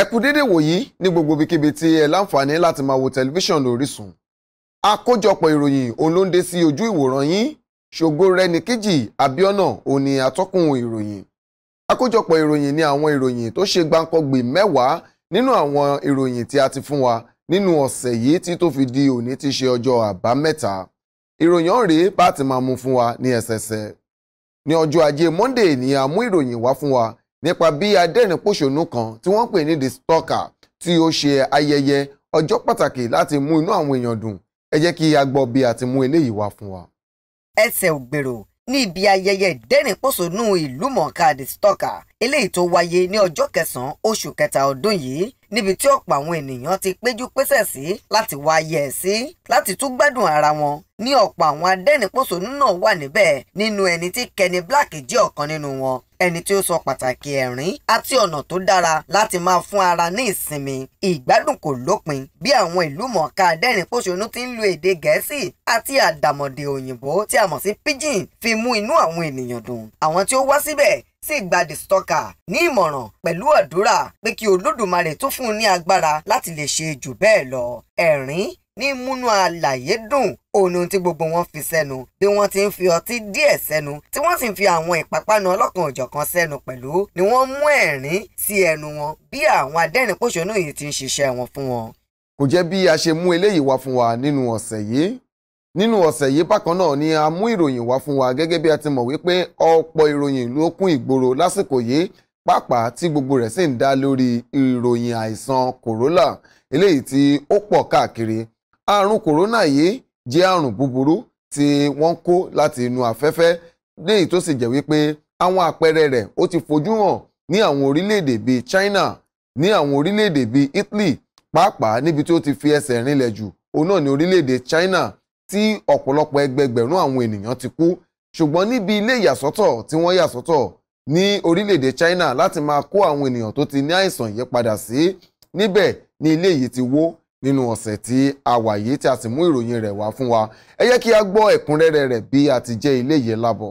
ẹ kú dédé wòyí ní gbogbo ibikíbi tí ẹ láǹfààní láti máa wo tẹlifíṣàn lóríṣun àkójọpọ̀ ìròyìn òun ló ń dé sí ojú ìwòran yín ṣògo rẹni kejì abiona òun ni atọ́kùn ìròyìn àkójọpọ̀ ìròyìn ni àwọn ìròyìn tó ṣe gbáǹkọ́gbè mẹ́wàá nínú àwọn ìròyìn tí a ti fún wa nínú ọ̀sẹ̀ yìí tí tó fi di òní ti ṣe ọjọ́ àbámẹ́ta ìròyìn ọ̀rẹ́ bá ti máa mú fún wa ní ẹsẹsẹ ní ọjọ́ ajé Monday ni a mú ìròyìn wá fún wa nípa bí adẹ́rìnpòṣónú kan tí wọ́n pè ní the stalker tí ó ṣe ayẹyẹ ọjọ́ pàtàkì láti mú inú àwọn èèyàn dùn ẹ jẹ́ kí a gbọ́ bí a ti mú eléyìí wá fún wa. ẹsẹ̀ ògbèrò ní ibi ayẹyẹ ìdẹ́rìnpòṣónú ìlú mọ̀ọ́ká the stalker eléyìí tó wáyé ní ọjọ́ kẹsàn-án oṣù kẹta ọdún yìí níbi tí ọ̀pọ̀ àwọn ènìyàn ti péjú pésẹ̀ sí láti wá ayẹ sí láti tún gbádùn ara wọn ní ọ̀pọ̀ àwọn adẹ́rìnpòṣónú náà wà níbẹ̀ nínú ẹni tí Kenny Black jẹ́ ọ̀kan nínú wọn ẹni tí ó sọ pàtàkì ẹ̀rín àti ọ̀nà tó dára láti máa fún ara ní ìsinmi ìgbádùn kò lópin bí àwọn ìlú mọ̀ọ́ká adẹ́rìnpòṣónú ti ń lo èdè gẹ̀ẹ́sì àti àdàmọ̀dè òyìnbó tí a mọ̀ sí pidgin fi mú inú àwọn ènìyàn dùn àwọn tí ó wá síbẹ̀ sì gba the stalker ní ìmọ̀ràn pẹ̀lú àdúrà pé kí olódùmarè tó fún un ní agbára láti lè ṣe jù bẹ́ẹ̀ lọ ẹ̀rín ní múnú àlàyé dùn òun ni ohun tí gbogbo wọn fi sẹ́nu bí wọ́n ti ń fi ọtí díẹ̀ sẹ́nu tí wọ́n sì ń fi àwọn ìpápánu ọlọ́kan òjọ̀kan sẹ́nu pẹ̀lú ni wọ́n mú ẹ̀rín sí ẹnu wọn bí àwọn adẹ́rìn-pòṣónú yìí ti ń ṣiṣẹ́ wọn fún wọn. kò jẹ́ bí a ṣe mú eléyìí wá fún wa nínú ọ̀sẹ̀ yìí nínú ọ̀sẹ̀ yìí bákan náà ni a mú ìròyìn wá fún wa gẹ́gẹ́ bí a ti mọ̀ wípé ọ̀pọ̀ ìròyìn ló kún ìgboro lásìkò yìí pàápàá tí gbogbo rẹ̀ sì ń dá lórí ìròyìn àìsàn kòrólà eléyìí tí ó pọ̀ káàkiri àrùn kòrónà yìí jẹ́ àrùn búburú tí wọ́n kó láti inú afẹ́fẹ́ léyìí tó sì jẹ́ wípé àwọn àpẹẹrẹ rẹ̀ ó ti fojú hàn ní àwọn orílẹ̀-èdè bíi China ní àwọn orílẹ̀-èdè bíi Italy pàápàá níbi tí ó ti fi ẹsẹ̀ rinlẹ̀ jù òun náà ní orílẹ̀-èdè China tí ọ̀pọ̀lọpọ̀ ẹgbẹgbẹ̀rún àwọn ènìyàn ti kú ṣùgbọ́n níbi ilé ìyàsọ́tọ̀ tí wọ́n yà sọ́tọ̀ ní orílẹ̀-èdè China láti máa kó àwọn ènìyàn tó ti ní àìsàn yìí padà sí níbẹ̀ ni ilé yìí ti wó nínú ọ̀sẹ̀ tí a wà yìí tí a sì mú ìròyìn rẹ̀ wá fún wa ẹ yẹ kí a gbọ́ ẹ̀kúnrẹ́rẹ́ rẹ̀ bí a ti jẹ́ ilé yìí lábọ̀.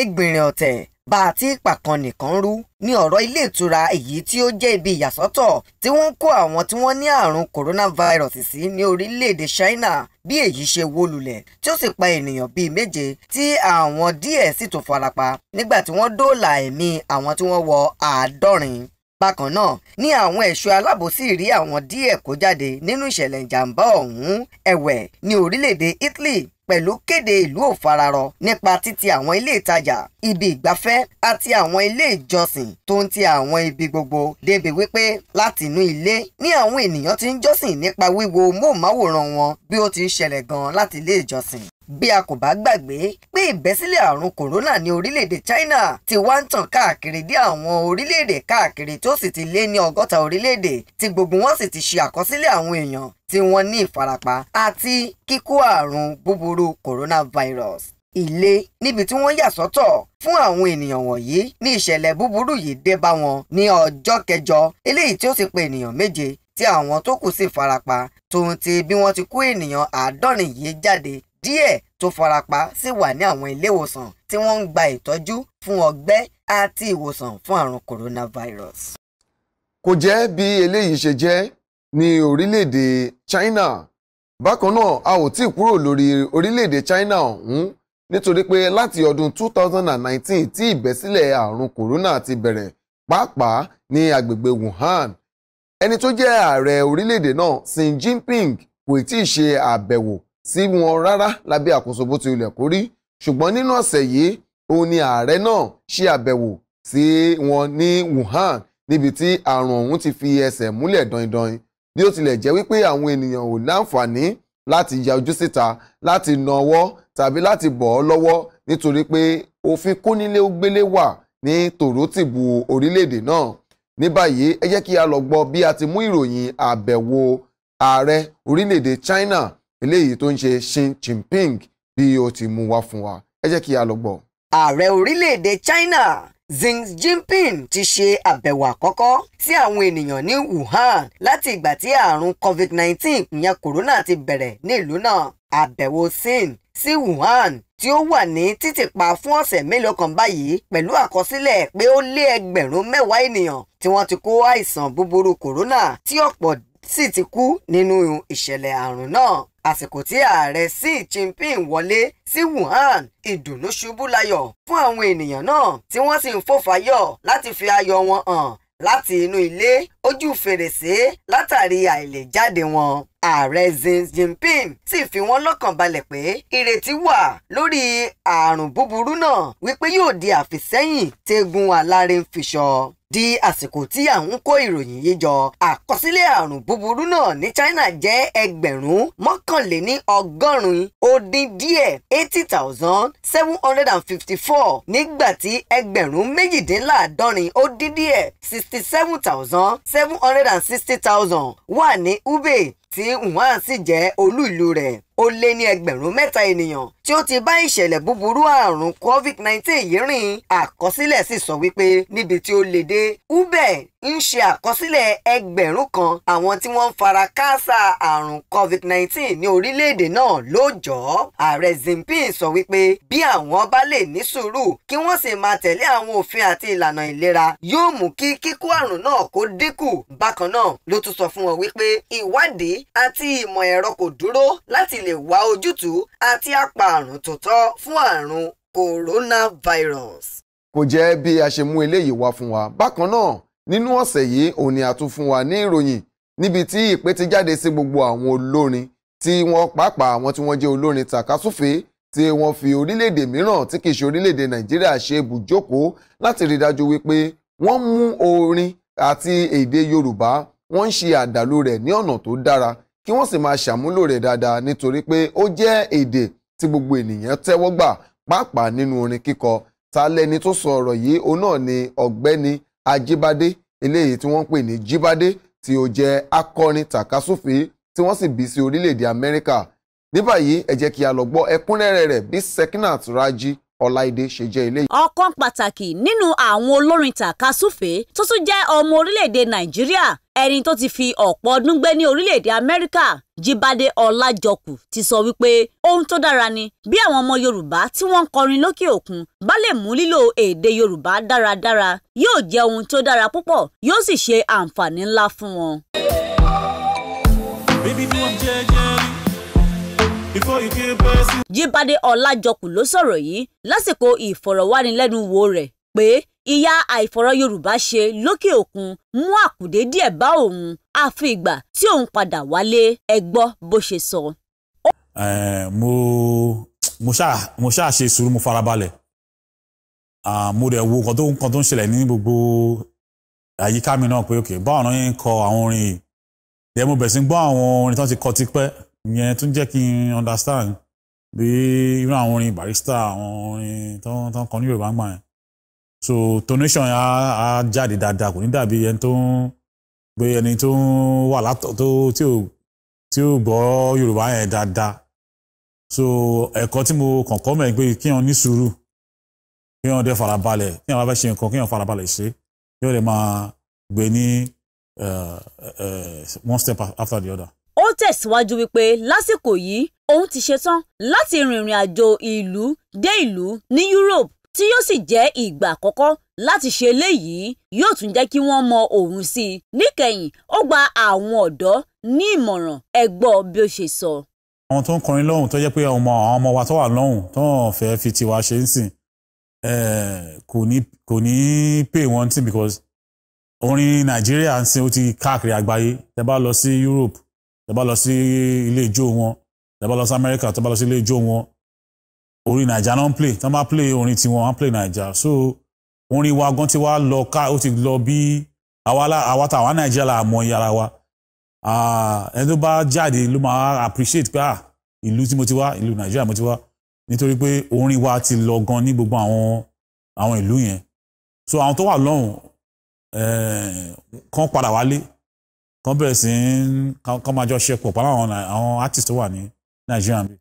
egbìnrin ọ̀tẹ̀ bá a ti pàkan nìkan rú ní ọ̀rọ̀ ilé ìtura èyí tí ó jẹ́ ibi ìyàsọ́tọ̀ tí wọ́n ń kó àwọn tí wọ́n ní àrùn coronavirus sí ní orílẹ̀-èdè China bí èyí ṣe wó lulẹ̀ tí ó sì pa ènìyàn bíi méje tí àwọn díẹ̀ sì tún farapa nígbà tí wọ́n dóòlà ẹ̀mí àwọn tí wọ́n wọ àádọ́rin. Bákan náà ni àwọn ẹ̀ṣọ́ aláàbò sì rí àwọn díẹ̀ kó jáde nínú ìṣẹ̀lẹ̀ ìjàmbá ọ̀hún ẹ̀wẹ̀ ní orílẹ̀-èdè Italy pẹ̀lú kéde ìlú òfararọ nípa títì àwọn ilé ìtajà ibi ìgbafẹ́ àti àwọn ilé ìjọsìn tó ń ti àwọn ibi gbogbo débi wípé láti inú ilé ní àwọn ènìyàn ti ń jọ́sìn nípa wíwo móhùnmáwòrán wọn bí ó ti ń ṣẹlẹ̀ gan láti ilé ìjọsìn bí a kò bá gbàgbé pé ìbẹ́sílẹ̀ àrùn kòrónà ní orílẹ̀-èdè China ti wá ń tàn káàkiri dé àwọn orílẹ̀-èdè káàkiri tó sì ti lé ní ọgọ́ta orílẹ̀-èdè tí gbogbo wọn sì ti ṣe àkọsílẹ̀ àwọn èèyàn tí wọ́n ní ìfarapa àti kíkó àrùn búburú coronavirus ilé níbi tí wọ́n yà sọ́tọ̀ fún àwọn ènìyàn wọ̀nyí ní ìṣẹ̀lẹ̀ búburú yìí dé bá wọn ní ọjọ́ kẹjọ eléyìí tí ó sì pe ènìyàn méje tí àwọn tó kù sì farapa tòun ti bí wọ́n ti kó ènìyàn àádọ́rin yìí jáde díẹ̀ tó farapa sì wà ní àwọn ilé ìwòsàn tí wọ́n ń gba ìtọ́jú fún ọgbẹ́ àti ìwòsàn fún àrùn coronavirus. kò jẹ́ bí eléyìí ṣe jẹ́ ní orílẹ̀-èdè China bákan náà a ò tí ì kúrò lórí orílẹ̀-èdè China ọ̀hún nítorí pé láti ọdún 2019 tí ìbẹ́sílẹ̀ àrùn corona ti bẹ̀rẹ̀ pàápàá ní agbègbè Wuhan ẹni tó jẹ́ ààrẹ orílẹ̀-èdè náà Xi Jinping kò tí ì ṣe àbẹ̀wò sí wọn rárá lábẹ́ àkóso bó ti wulẹ̀ kó rí ṣùgbọ́n nínú ọ̀sẹ̀ yìí òun ni ààrẹ náà ṣe àbẹ̀wò sí wọn ní Wuhan níbi tí àrùn ọ̀hún ti fi ẹsẹ̀ múlẹ̀ dandan bí ó tilẹ̀ jẹ́ wípé àwọn ènìyàn ò láǹfààní láti ya ojú síta láti na ọwọ́ tàbí láti bọ̀ ọ́ lọ́wọ́ nítorí pé òfin kónílé ó gbélé wà ní tòrótìbù orílẹ̀-èdè náà ní báyìí ẹ jẹ́ kí a lọ gbọ́ bí a ti mú ìròyìn àbẹ̀wò ààrẹ orílẹ̀-èdè China eléyìí tó ń ṣe Xi Jinping bí ó ti mú wá fún wa ẹ jẹ́ kí a lọ gbọ́. ààrẹ orílẹ̀-èdè China Xi Jinping ti ṣe àbẹ̀wò àkọ́kọ́ sí àwọn ènìyàn ní Wuhan láti ìgbà tí àrùn COVID-19 ìyẹn corona ti bẹ̀rẹ̀ nílùú náà àbẹ̀wò sin sí Wuhan tí ó wà ní títìpa fún ọ̀sẹ̀ mélòó kan báyìí pẹ̀lú àkọsílẹ̀ pé ó lé ẹgbẹ̀rún mẹ́wàá ènìyàn tí wọ́n ti kó àìsàn búburú corona tí ọ̀pọ̀ sì ti kú nínú ìṣẹ̀lẹ̀ àrùn náà àsìkò tí ààrẹ Xi Jinping wọlé sí Wuhan ìdùnnú ṣubú layọ̀ fún àwọn ènìyàn náà tí wọ́n sì ń fò láti fi ayọ̀ wọn hàn láti inú ilé ojú fèrèsé látàrí àìlèjáde wọn ààrẹ Xi Jinping sì fi wọ́n lọ́kàn balẹ̀ pé ìrètí wà lórí àrùn búburú náà wípé yóò di àfisẹ́yìn tẹ́gun alárinfiṣọ di àsìkò tí à ń kó ìròyìn yìí jọ àkọsílẹ̀ àrùn búburú náà ní China jẹ́ ẹgbẹ̀rún mọ́kànléní ọgọ́rin ó dín díẹ̀ eighty thousand seven hundred and fifty four nígbà tí ẹgbẹ̀rún méjìdínláàádọ́rin ó dín díẹ̀ sixty seven thousand seven hundred and sixty thousand wà ní Hubei tí Wuhan sì jẹ́ olú ìlú rẹ̀ ó lé ní ẹgbẹ̀rún mẹ́ta ènìyàn tí ó ti bá ìṣẹ̀lẹ̀ búburú àrùn covid-19 yìí rìn àkọsílẹ̀ sì sọ wípé níbi tí ó lè dé uber ń ṣe àkọsílẹ̀ ẹgbẹ̀rún kan àwọn tí wọ́n ń fara káásà àrùn covid-19 ní orílẹ̀-èdè náà lóòjọ́ ààrẹ zimpin sọ wípé bí àwọn bá lè ní sùúrù kí wọ́n sì máa tẹ̀lé àwọn òfin àti ìlànà ìlera yóò mú kí kíkó àrùn náà kó dínkù bákan náà ló tún sọ fún wọn wípé ìwádìí àti ìmọ̀ ẹ̀rọ kò dúró láti l lè wá ojútùú àti apààrùn tó tọ́ fún àrùn coronavirus. kò jẹ́ bí a ṣe mú eléyìí wá fún wa bákan náà nínú ọ̀sẹ̀ yìí òun ni a tún fún wa ní ìròyìn níbi tí ìpè ti jáde sí gbogbo àwọn olórin tí wọ́n pàápàá àwọn tí wọ́n jẹ́ olórin tàkásùfé tí wọ́n fi orílẹ̀-èdè mìíràn tí kìí ṣe orílẹ̀-èdè nàìjíríà ṣe ibùjókòó láti rí dájú wípé wọ́n mú orin àti èdè yorùbá wọ́n ń ṣe àdàlù rẹ̀ ní ọ̀nà tó dára kí wọ́n sì máa ṣàmúlò rẹ̀ dáadáa nítorí pé ó jẹ́ èdè tí gbogbo ènìyàn tẹ́wọ́ gbà pàápàá nínú orin kíkọ ta lẹni tó sọ ọ̀rọ̀ yìí òun náà ni ọ̀gbẹ́ni Ajíbádé eléyìí tí wọ́n ń pè ní Jíbádé tí ó jẹ́ akọrin tàkasúfì tí wọ́n sì bí sí orílẹ̀-èdè Amẹ́ríkà ní báyìí ẹ kí a lọ gbọ́ ẹ̀kúnrẹ́rẹ́ rẹ̀ bí Sekinat Raji ọláìdé ṣe jẹ́ eléyìí. ọ̀kan pàtàkì nínú àwọn olórin tàkasúfè tó tún jẹ́ ọmọ orílẹ̀-èdè nàìjíríà ẹni tó ti fi ọ̀pọ̀ ọdún gbé ní orílẹ̀-èdè amẹ́ríkà jíbádé ọlájọkù ti sọ wípé ohun tó dára ni bí àwọn ọmọ yorùbá tí wọ́n ń kọrin lókè òkun bá lè mú lílo èdè yorùbá dáradára yóò jẹ́ ohun tó dára púpọ̀ yóò sì ṣe àǹfààní ńlá fún wọn. Jíbádé Ọlájọkù ló sọ̀rọ̀ yìí lásìkò ìfọ̀rọ̀wánilẹ́nuwò rẹ̀ pé ìyá àìfọ̀rọ̀ Yorùbá ṣe lókè òkun mú àkùdé díẹ̀ bá òun àfi ìgbà tí òun padà wálé ẹ gbọ́ bó ṣe sọ. mo mo ṣáà mo ṣáà ṣe sùúrù mo farabalẹ̀ mo rẹ̀ wo nǹkan tó nǹkan tó ń ṣẹlẹ̀ ní gbogbo àyíká mi náà pé òkè báwọn náà yẹn ń kọ àwọn orin yìí mo bẹ̀rẹ̀ sí gbọ́ àwọn orin tó ti kọ tipẹ́ ìyẹn tún jẹ́ kí n understand bí irú àwọn orin barista àwọn orin tán tán kan ní yorùbá gbà yẹn so tonation á á jáde dáadáa kò ní dàbí ẹni tó ń gbé ẹni tó ń wà látọ̀ tó tí ò gbọ́ yorùbá yẹn dáadáa so ẹ̀kọ́ tí mo kọ̀ọ̀kọ́ mẹ́ pé kí wọ́n ní sùúrù kí wọ́n dẹ̀ farabalẹ̀ kí wọ́n bá fẹ́ ṣe nǹkan kí wọ́n farabalẹ̀ ṣe kí wọ́n dẹ̀ máa gbé ní eh, eh, one step after the other ó tẹ̀síwájú wípé lásìkò yìí òun ti ṣetán láti rìnrìn àjò ìlú dé ìlú ní Europe tí yóò sì jẹ́ ìgbà àkọ́kọ́ láti ṣe eléyìí yóò tún jẹ́ kí wọ́n mọ òun sí i níkẹyìn ó gba àwọn ọ̀dọ́ ní ìmọ̀ràn ẹ gbọ́ bí ó ṣe sọ. àwọn tó ń kọrin lọ́hùn tó jẹ́ pé àwọn ọmọ wa tó wà lọ́hùn tó hàn fẹ́ fi tiwa ṣe ń sìn kò ní kò ní pay one thing because orin Nàìjíríà ń sìn ó ti káàkiri àgbáyé tẹ́ bá lọ sí Europe tẹ́ bá lọ sí ilé ijó wọn tẹ́ bá lọ sí Amẹ́ríkà tẹ́ bá lọ sí ilé ijó wọn orin naija náà ń play tán bá play orin tiwọn wọ́n play naija so orin wa gan ti wá lọ ká ó ti lọ bí àwa tá àwa naija la mọ iye ara wa ẹni tó bá jáde ló máa appreciate pé ah, ìlú tí mo ti wá ìlú nàìjíríà mo ti wá nítorí pé orin wa ti lọ gan ní gbogbo àwọn àwọn ìlú yẹn so àwọn tó wà lọ́hùn eh, kan padà wálé kan bẹ̀rẹ̀ sí kan máa jọ ṣe pọ̀ pẹ̀lú àwọn artist tó wà ní nàìjíríà níbí.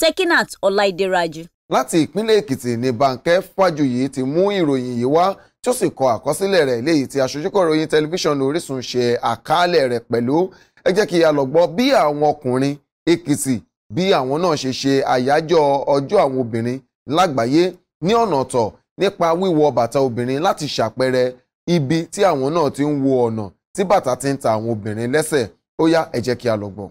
Sekinat Ọláìdẹ́rajì. láti ìpínlẹ̀ Èkìtì ni Bánkẹ́ Fájuyì ti mú ìròyìn yìí wá tí ó sì kọ àkọsílẹ̀ rẹ̀ léyìí tí aṣojúkọ̀ròyìn tẹlifíṣàn Orísun ṣe àkàálẹ̀ rẹ̀ pẹ̀lú ẹ jẹ́ kí a lọ gbọ́ bí àwọn ọkùnrin Èkìtì bí àwọn náà ṣe ṣe àyájọ́ ọjọ́ àwọn obìnrin lágbàáyé ní ọ̀nà ọ̀tọ̀ nípa wíwọ bàtà obìnrin láti ṣàpẹẹrẹ ibi tí àwọn náà ti ń wo ọ̀nà tí bàtà ti ń ta àwọn obìnrin lẹ́sẹ̀ ó yá ẹ jẹ́ kí a lọ gbọ́.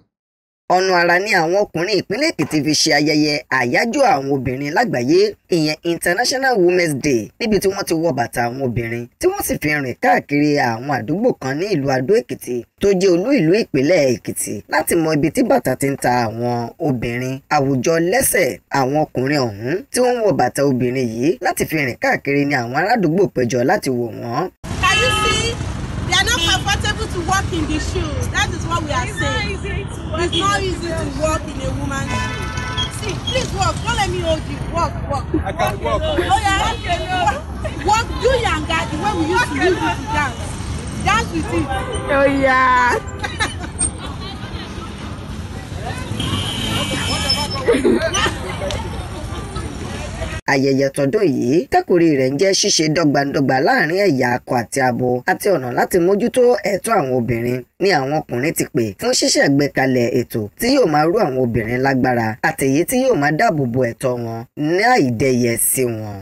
ọ̀nà àrà ni àwọn ọkùnrin ìpínlẹ̀ Èkìtì fi ṣe ayẹyẹ àyájọ́ àwọn obìnrin lágbàáyé ìyẹn International Women's Day níbi tí wọ́n ti wọ bàtà àwọn obìnrin tí wọ́n sì fi rìn káàkiri àwọn àdúgbò kan ní ìlú Adó Èkìtì tó jẹ́ olú ìlú ìpínlẹ̀ Èkìtì láti mọ ibi tí bàtà ti ń ta àwọn obìnrin àwùjọ lẹ́sẹ̀ àwọn ọkùnrin ọ̀hún tí wọ́n ń wọ bàtà obìnrin yìí láti fi rìn káàkiri ni àwọn aládùúgbò péjọ láti wò wọ́n walk in the shoes. That is what we are it's saying. Not it's not easy to walk in a woman's shoes. See, please walk. Don't let me hold you. Walk, walk. I can walk. walk. Oh, yeah. Walk, walk, walk. Do yanga the way we used walk to do this dance. Dance with it. Oh, yeah. What about ayẹyẹ tọdún yìí tẹ́kùrí rẹ̀ ń jẹ́ ṣíṣe dọ́gbandọ́gba láàrin ẹ̀yà akọ àti abo àti ọ̀nà láti mójútó ẹ̀tọ́ àwọn obìnrin ni àwọn ọkùnrin ti pè fún ṣíṣẹ̀gbékalẹ̀ ètò tí yóò máa rú àwọn obìnrin lágbára àtèyí tí yóò máa dáàbò bo ẹ̀tọ́ wọn ní àìdẹyẹ wọn.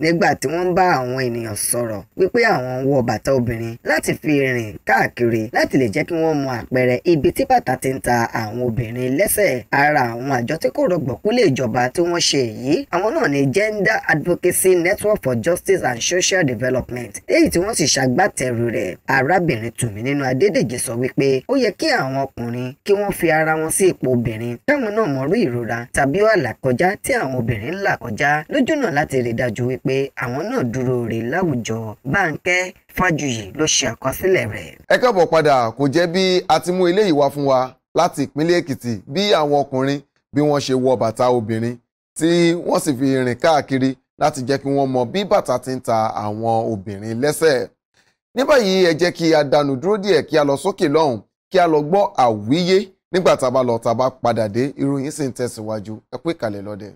nígbà tí wọ́n ń bá àwọn ènìyàn sọ̀rọ̀ wípé àwọn ń wọ bàtà obìnrin láti fi rìn káàkiri láti lè jẹ́ kí wọ́n mọ àpẹẹrẹ ibi tí bàtà ti ń ta àwọn obìnrin lẹ́sẹ̀ ara àwọn àjọ tí kò rọgbọ̀kú lé ìjọba tí wọ́n ṣe èyí àwọn náà ni Gender Advocacy Network for Justice and Social Development èyí tí wọ́n sì ṣàgbátẹrù rẹ̀ arábìnrin Tùmí nínú Adédèjì sọ wípé ó yẹ kí àwọn ọkùnrin kí wọ́n fi ara wọn sí ipò obìnrin káwọn náà mọ̀rú ìrora tàbí àlàkọjá tí àwọn obìnrin ń là lójúnà láti rí dájú wípé pé àwọn náà dúró rè láwùjọ Bánkẹ́ Fájuyì ló ṣe àkọsílẹ̀ rẹ̀. ẹ káàbọ̀ padà kò jẹ́ bí a ti mú eléyìí wá fún wa láti ìpínlẹ̀ Èkìtì bí àwọn ọkùnrin bí wọ́n ṣe wọ bàtà obìnrin tí wọ́n sì fi rìn káàkiri láti jẹ́ kí wọ́n mọ bí bàtà ti ń ta àwọn obìnrin lẹ́sẹ̀. ní báyìí ẹ jẹ́ kí a dánu dúró díẹ̀ kí a lọ sókè lọ́hùn kí a lọ gbọ́ àwíyé nígbà tá a bá lọ tá a bá padà dé ìròyìn sì ń tẹ̀síwájú ẹ kú ìkàlẹ̀ lọ́dẹ̀.